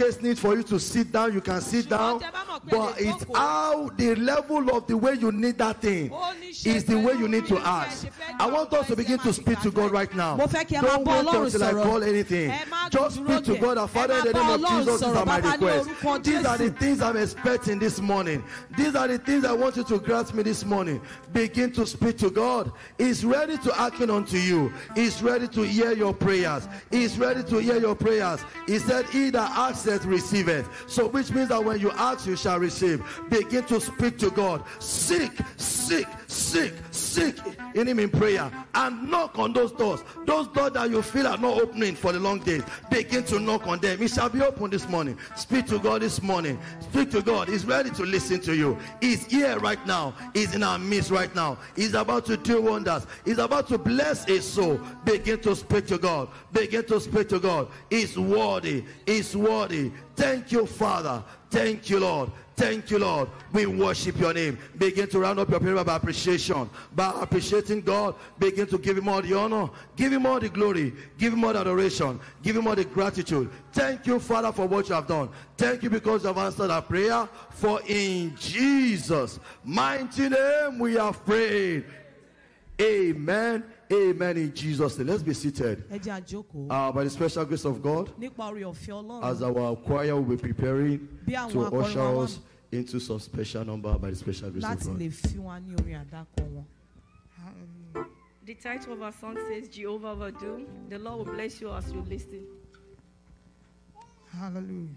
just need for you to sit down, you can sit down but it's oh. how the level of the way you need that thing is the way you need to ask. I want us to begin to speak to God right now. Don't wait until I call anything. Just speak to God, our Father, in the name of Jesus, these are my requests. These are the things I'm expecting this morning. These are the things I want you to grant me this morning. Begin to speak to God. He's ready to hearken unto you. He's ready to hear your prayers. He's ready to hear your prayers. He said, He that asketh receiveth. So which means that when you ask, you shall shall receive. Begin to speak to God. Seek, seek, seek, seek in Him in prayer and knock on those doors. Those doors that you feel are not opening for the long days. Begin to knock on them. It shall be open this morning. Speak to God this morning. Speak to God. He's ready to listen to you. He's here right now. He's in our midst right now. He's about to do wonders. He's about to bless a soul. Begin to speak to God. Begin to speak to God. He's worthy. He's worthy. Thank you, Father. Thank you, Lord. Thank you, Lord. We worship your name. Begin to round up your prayer by appreciation. By appreciating God, begin to give him all the honor. Give him all the glory. Give him all the adoration. Give him all the gratitude. Thank you, Father, for what you have done. Thank you because you have answered our prayer. For in Jesus' mighty name we have prayed. Amen. Amen in Jesus' name. Let's be seated. Uh, by the special grace of God, as our choir will be preparing to usher us into some special number by the special grace of God. Um, the title of our song says, Jehovah will do. The Lord will bless you as you listen. Hallelujah.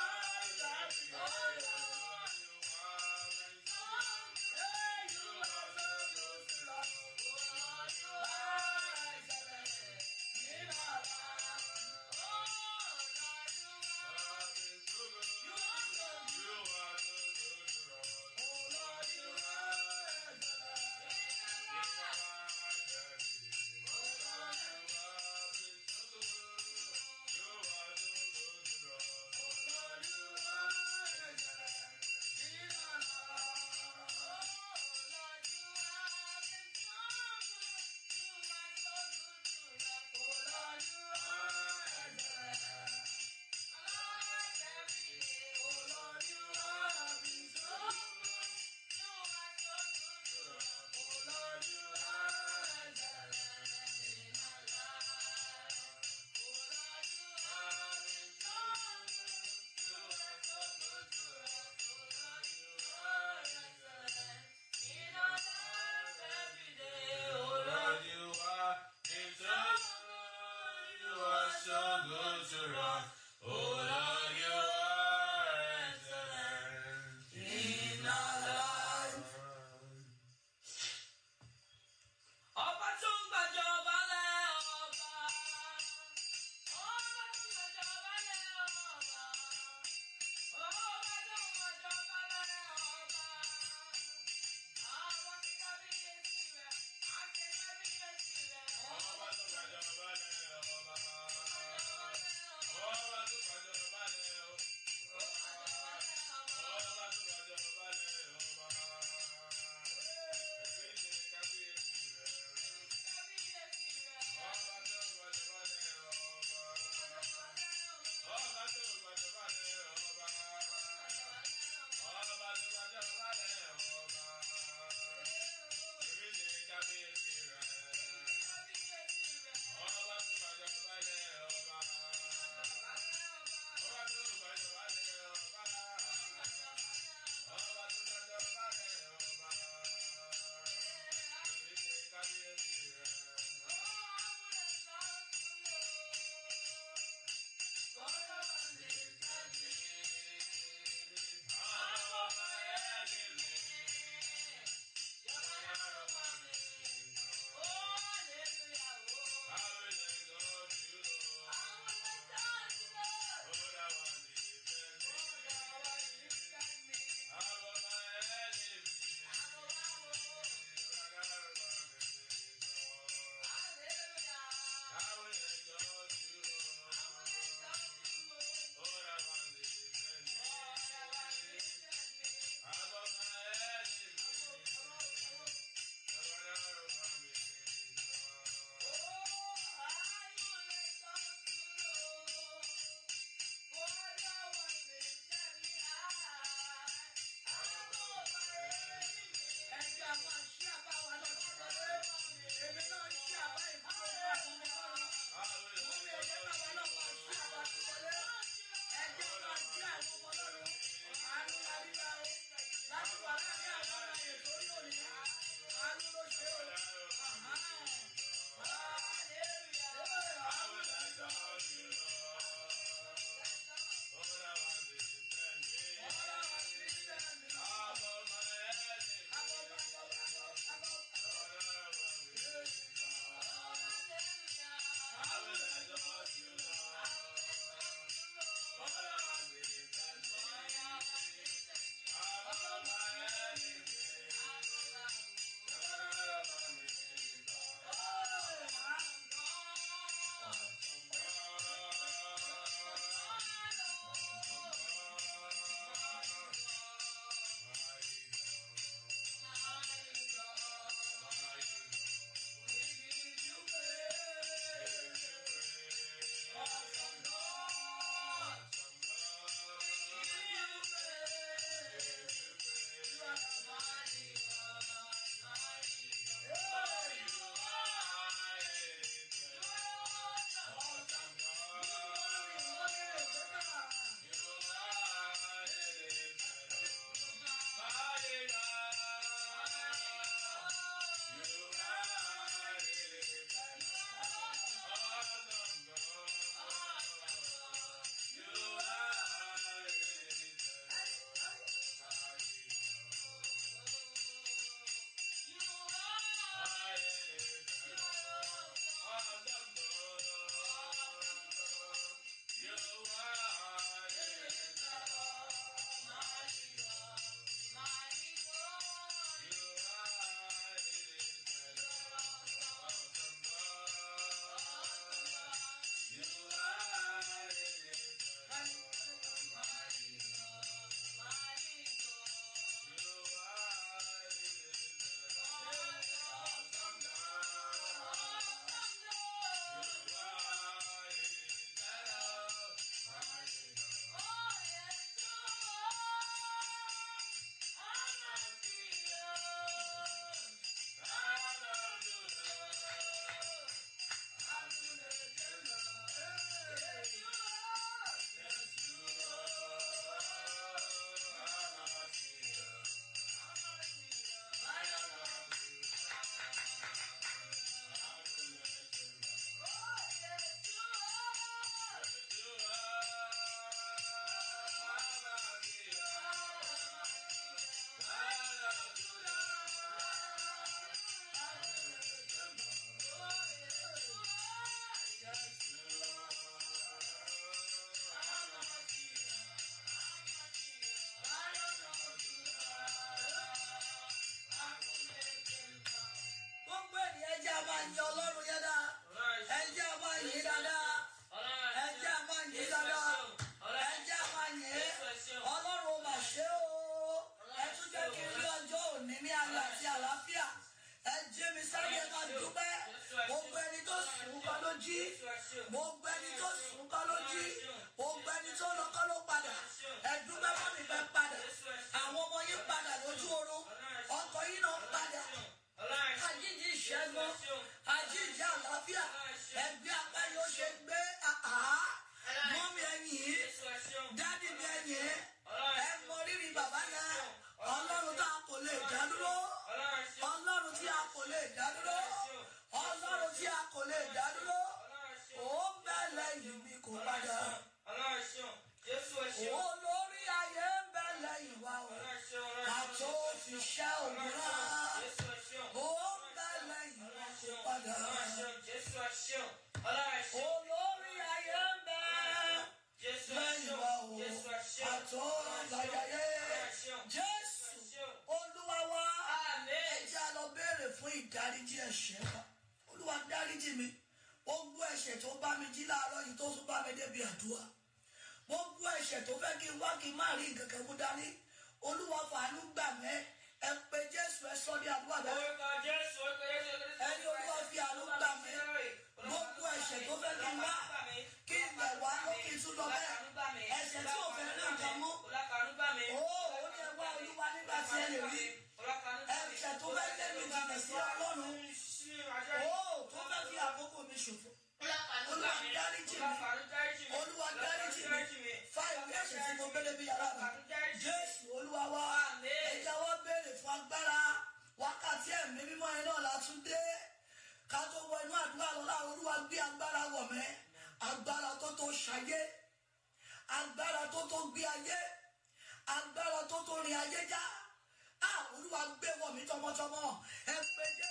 I love oh, your love. mali gagamudani kékeré bí yàrá rẹ jésù olúwa wa ẹja wa béèrè fún agbára wákàtí ẹ̀mí mímọ́ yẹn náà la tún dé ká tó wọ inú àdúrà lọ́la olúwa gbé agbára wọ̀ mẹ́ agbára tó tó ṣayé agbára tó tó gbé ayé agbára tó tó rìn ayé já a ah, olúwa gbé wọ̀ mí tọmọtọmọ ẹ pé jẹ́.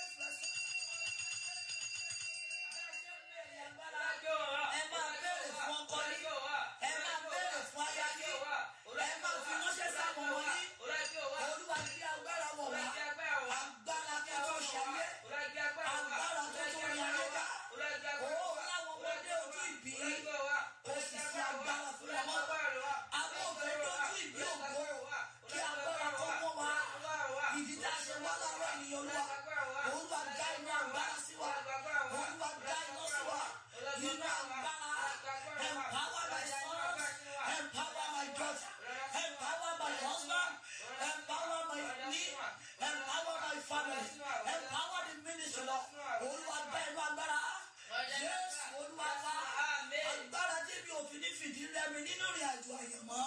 jésù olúwa wa agbára débi òfin ní fìdí rẹmi nínú ìrìn àjò àyànmọ́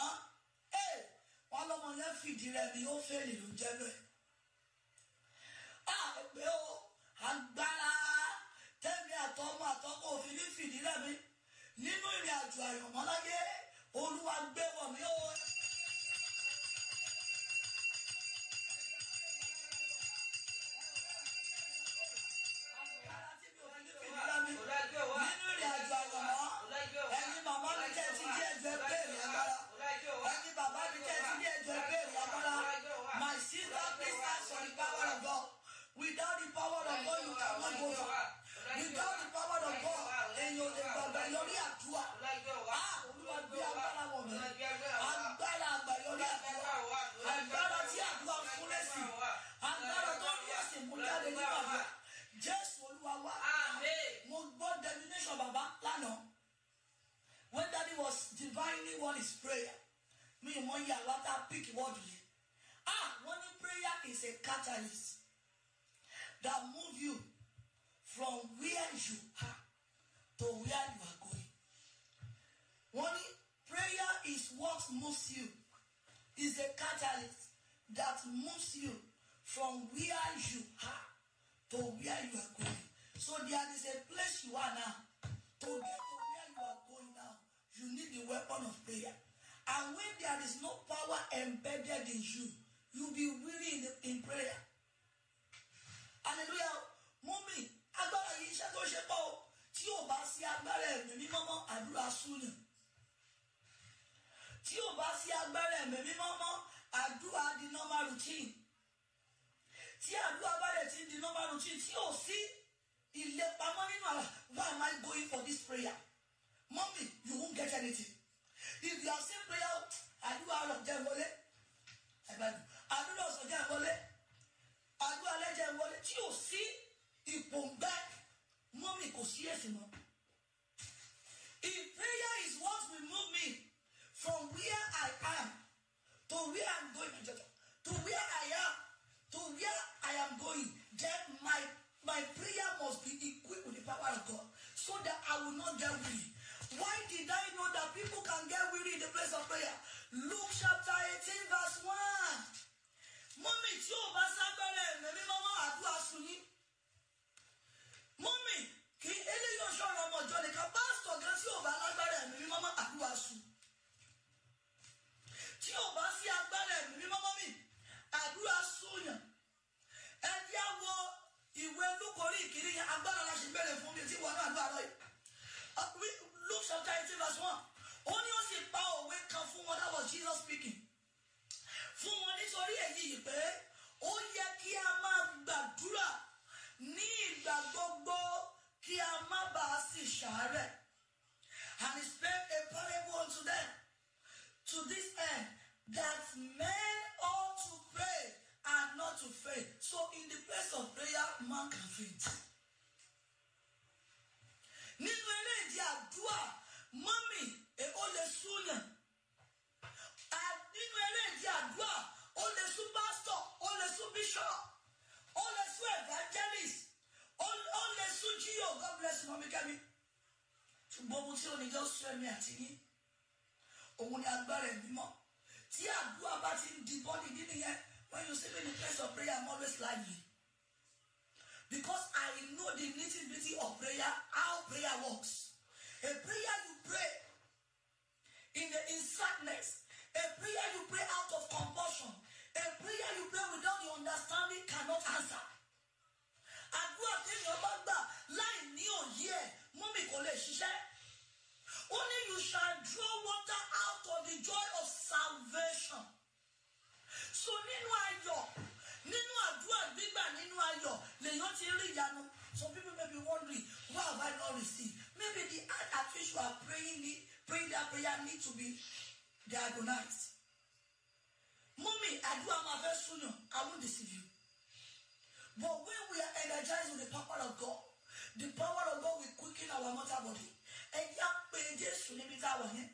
eh, wọn lọmọ yẹn fìdí rẹmi ó fèrè ló jẹ bẹ́ẹ̀. àgbẹ̀ ah, o agbára tẹ́mi àtọmọ àtọkọ òfin ní fìdí rẹmi nínú ìrìn àjò àyànmọ́ láyé olúwa gbé wọ̀ mí o. one is prayer Me ò mọ iye àwa a pick word you? ah wọ́n prayer is a catalyst that move you from where you are to where you are going One prayer is what moves you is a catalyst that moves you from where you are to where you are going so there is a place you are now to get you need the weapon of prayer. And when there is no power embedded in you, you'll be weary in, the, in prayer. Hallelujah. Mummy, agbára yìí iṣẹ́ tó ṣe pọ̀ o. Tí ò bá sí agbára ẹ̀mí mímọ́ mọ́, àdúrà súnù. Tí ò bá sí agbára ẹ̀mí mímọ́ mọ́, àdúrà di normal routine. Tí àdúrà bá rẹ̀ ti di normal routine, tí ò sí ìlépa mọ́ nínú àrà, why am I going for this prayer? Mommy, you won't get anything. If you are saying prayer, àdúrà ọ̀rọ̀ jẹ́ wọlé. Àdúrà ọ̀sán jẹ́ wọlé. Àdúrà alẹ́ jẹ́ wọlé. Tí ò sí ìpòǹgbẹ́, mommy kò sí ẹ̀sìn mọ́. If prayer is what will move me from where I am to where I'm going to to where I am to where I am going, then my my prayer must be equipped with the power of God so that I will not get weary. Why did I know that people can get weary in the place of prayer? Luke chapter 18, verse 1. Mommy, tí o bá sábẹ́rẹ́ ẹ̀mẹ́mí mọ́mọ́ àdúrà sùn yín. Mommy, kí eléyìí ọ̀ṣọ́ ọ̀rọ̀ ọmọ ìjọ nìkan pásítọ̀ gan tí ò bá lágbára ẹ̀mẹ́mí mọ́mọ́ àdúrà sùn. Tí ò bá sí agbára ẹ̀mẹ́mí mọ́mọ́ mi àdúrà sùn yàn. Ẹ jẹ́ wọ ìwé lúkọ̀ọ́rí ìkírí agbára la ṣe bẹ̀rẹ̀ fún mi tí wọn náà gbà lọ́yẹ̀. Luke chapter eighteen verse one Only ní ó power pa òwe kan fún that was Jesus speaking fún wọn nítorí èyí yìí pé ó yẹ kí a máa gbàdúrà ní ìgbà gbogbo kí a má bàa sì ṣàárẹ̀ and he spake a parable unto them to this end that men ought to pray and not to faint so in the place of prayer man can faint nínú eléyìí àdúrà mọ́mì e, ó lè súnyà nínú eléyìí àdúrà ó lè sún pásítọ̀ ó lè sún bíṣọ̀ ó lè sún evangelist ó lè sún jíyò God bless you mọ́mí kẹ́mi ṣùgbọ́n ohun tí oníjọ́ sún ẹ̀mí àti yín òun ni agbára ẹ̀mí mọ́ tí àdúrà bá ti ń di bọ́ọ̀lì nínú yẹn when you see me in the place of prayer I'm always lying. Because I know the nitty gritty of prayer, how prayer works. A prayer you pray in the in sadness, a prayer you pray out of compulsion, a prayer you pray without the understanding cannot answer. àdúrà téèyàn bá gbà láì ní òye ẹ mọ́mì kò Only you shall draw water out of the joy of salvation. So nínú ayọ̀. nínú àdúrà gbígbà nínú ayọ̀ lèyàn ti rí ìyanu some people may be wondering why have I not received maybe the act at which you are praying need praying that prayer need to be diagonized mummy àdúrà máa fẹ́ súnyàn I won't deceive you but when we are energized with the power of God the power of God will quicken our mortal body ẹ yá pé Jésù níbi tá a wà yẹn.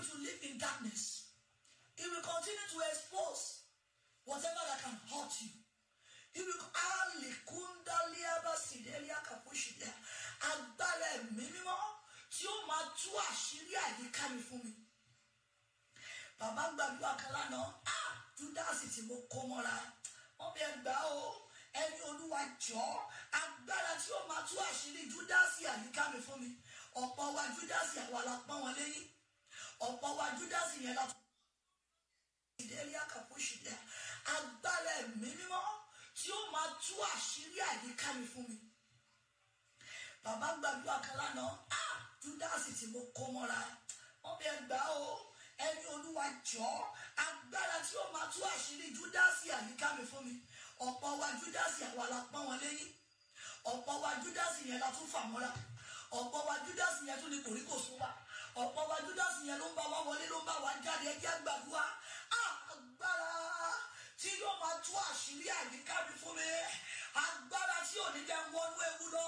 you to live in darkness. He will continue to expose whatever that can hurt you. He will Ali Kundaliaba Sidelia Kapushida Agbára ẹ̀mí mímọ́ tí ó máa tú mi fún mi. Bàbá gbàdúrà kan lánàá, ah! Júdásì tí mo kó mọ́ra. Wọ́n bẹ gbà ó ẹni olúwa jọ agbára tí ó máa tú àṣírí Júdásì àyíká mi fún mi. Ọ̀pọ̀ wa Júdásì àwa la pọ́n wọn lẹ́yìn ọ̀pọ̀ wa judas yẹn la ìdẹ́rí àkàpọ̀ṣù dẹ́ agbára ẹ̀mí mímọ́ tí ó máa tú àṣírí àyíká mi fún mi bàbá gbàdúrà kan lánàá á judas tí mo kó mọ́ra wọ́n bẹ gbà ó ẹni olúwa jọ agbára tí ó máa tú àṣírí judas àyíká mi fún mi ọ̀pọ̀ wa judas àwa la pọ́n wọn lẹ́yìn ọ̀pọ̀ wa judas yẹn la tún fà mọ́ra ọ̀pọ̀ wa judas yẹn tún ni kòríkòsùn wa ọ̀pọ̀ wa judas yẹn ló ń bá wa wọlé ló ń bá wa jáde ẹjẹ́ gbàdúrà agbára tí yóò máa tú àṣírí àyíká mi fún mi agbára tí ò ní jẹ́ wọnú ewu lọ.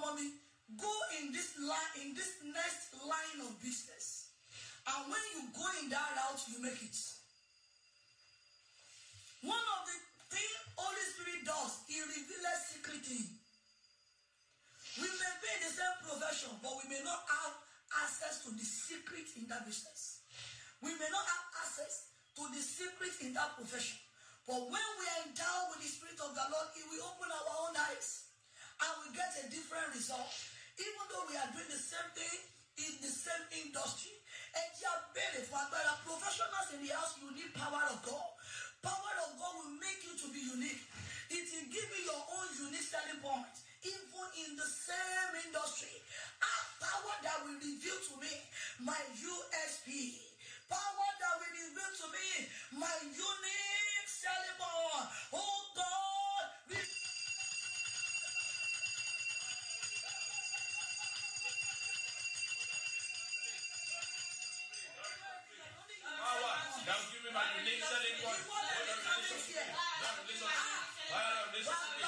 mommy. Go in this line, in this next line of business. And when you go in that route, you make it. One of the things Holy Spirit does, He reveals secretly. We may be in the same profession, but we may not have access to the secret in that business. We may not have access to the secret in that profession. But when we are endowed with the Spirit of the Lord, He will open our own eyes and we get a different result. Even though we are doing the same thing in the same industry, ẹ jẹ́ abẹ́rẹ́ for agbára professionals in the house you need power of God. Power of God will make you to be unique. It will give you your own unique selling point. Even in the same industry, a power that will reveal to me my USP. Power that will reveal to me my unique selling point. Oh God. i about not What relationship? What relationship? What